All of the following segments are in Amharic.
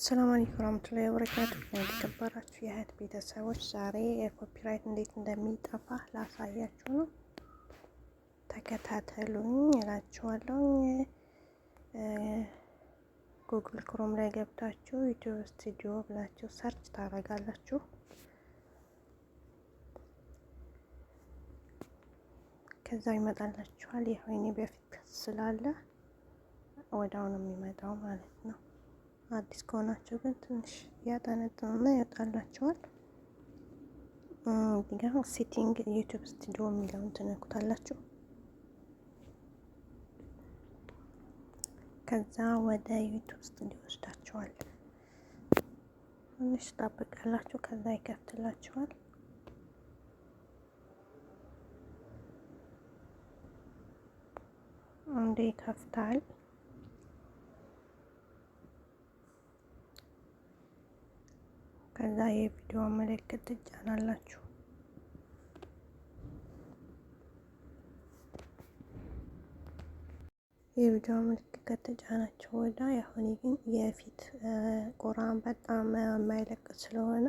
አሰላሙ አለይኩም ወራህመቱላሂ ወበረካቱ። የተከበራችሁ የእህት ቤተሰቦች ዛሬ የኮፒራይት እንዴት እንደሚጠፋ ላሳያችሁ ነው። ተከታተሉኝ እላችኋለሁ። ጉግል ክሮም ላይ ገብታችሁ ዩቲዩብ ስቱዲዮ ብላችሁ ሰርች ታደርጋላችሁ። ከዛ ይመጣላችኋል። ይሄ በፊት ስላለ ወዳው ነው የሚመጣው ማለት ነው። አዲስ ከሆናቸው ግን ትንሽ ያጠነጥኑና ይወጣላቸዋል? ግን ሴቲንግ ዩቱብ ስቱዲዮ የሚለውን ትነኩታላችሁ። ከዛ ወደ ዩቱብ ስቱዲዮ ወስዳችኋል። ትንሽ ትጠብቃላችሁ። ከዛ ይከፍትላችኋል። እንዴ ይከፍታል። ከዛ የቪዲዮ ምልክት ትጫናላችሁ። የቪዲዮ ምልክት ከተጫናችሁ ወዳ ያሁን ግን የፊት ቁራን በጣም የማይለቅ ስለሆነ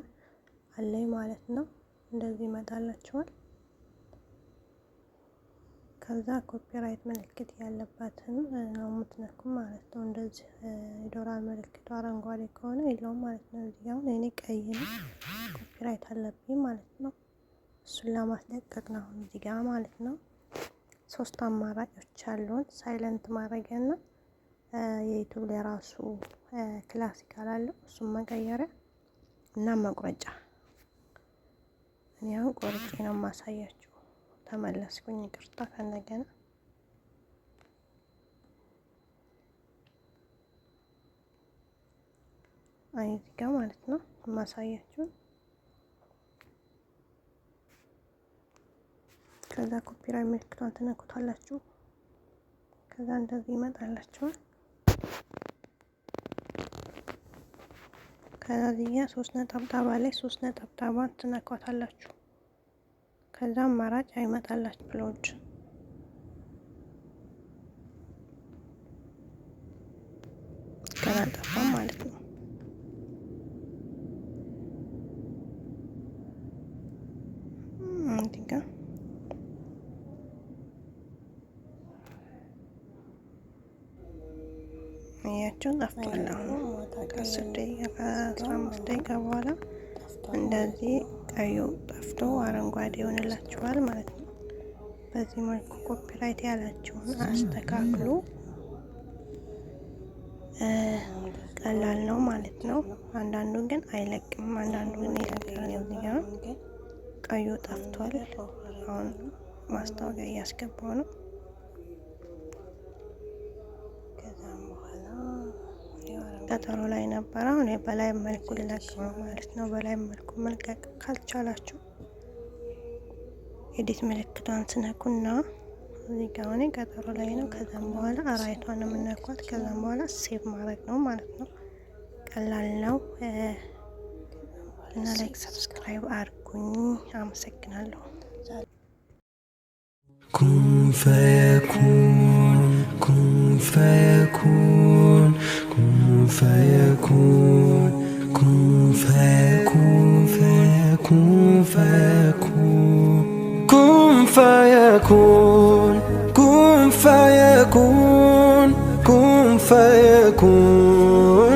አለኝ ማለት ነው። እንደዚህ ይመጣላችኋል። ከዛ ኮፒራይት ምልክት ያለባትን ነው የምትነኩም ማለት ነው። እንደዚህ ዶላር ምልክቱ አረንጓዴ ከሆነ የለውም ማለት ነው። እዚህ አሁን እኔ ቀይ ነው ኮፒራይት አለብኝ ማለት ነው። እሱን ለማስለቀቅ ነው አሁን እዚህ ጋር ማለት ነው። ሶስት አማራጮች አሉን። ሳይለንት ማድረጊያና የዩቱብ የራሱ ክላሲካል አለው እሱም መቀየሪያ እና መቁረጫ። እኔ አሁን ቆርጬ ነው የማሳያችሁ። ተመለስኩኝ። ይቅርታ ከእንደገና እዚህ ጋ ማለት ነው የማሳያችሁ። ከዛ ኮፒራ ምልክቷን ትነኩታላችሁ። ከዛ እንደዚህ ይመጣላችኋል። ከዚያ ሶስት ነጠብጣባ ላይ ሶስት ነጠብጣባን ትነኳታላችሁ። ከዛ አማራጭ አይመጣላችሁ ብሎች ከላጠፋ ማለት ነው። ያቸው ጠፍቷል። አሁን ከአስር ደቂቃ ከአስራ አምስት ደቂቃ በኋላ እንደዚህ ቀዩ ጠፍቶ አረንጓዴ ይሆንላችኋል ማለት ነው። በዚህ መልኩ ኮፒራይት ያላችሁን አስተካክሉ። ቀላል ነው ማለት ነው። አንዳንዱ ግን አይለቅም፣ አንዳንዱ ግን ይለቃል። ቀዩ ጠፍቷል። አሁን ማስታወቂያ እያስገባው ነው። ቀጠሮ ላይ ነበር። አሁን በላይ መልኩ ልለቀው ነው ማለት ነው። በላይ መልኩ መልቀቅ ካልቻላችሁ ኤዲት ምልክቷን ስነኩና እዚህ ጋ አሁን ቀጠሮ ላይ ነው። ከዛም በኋላ አራይቷን የምነኳት ከዛም በኋላ ሴቭ ማድረግ ነው ማለት ነው። ቀላል ነው እና ላይክ ሰብስክራይብ አድርጉኝ። አመሰግናለሁ። ኩን ፈየኩን ኩን ፈየኩን فيكون كن فيكون فيكون فيكون كن فيكون كن فيكون كن فيكون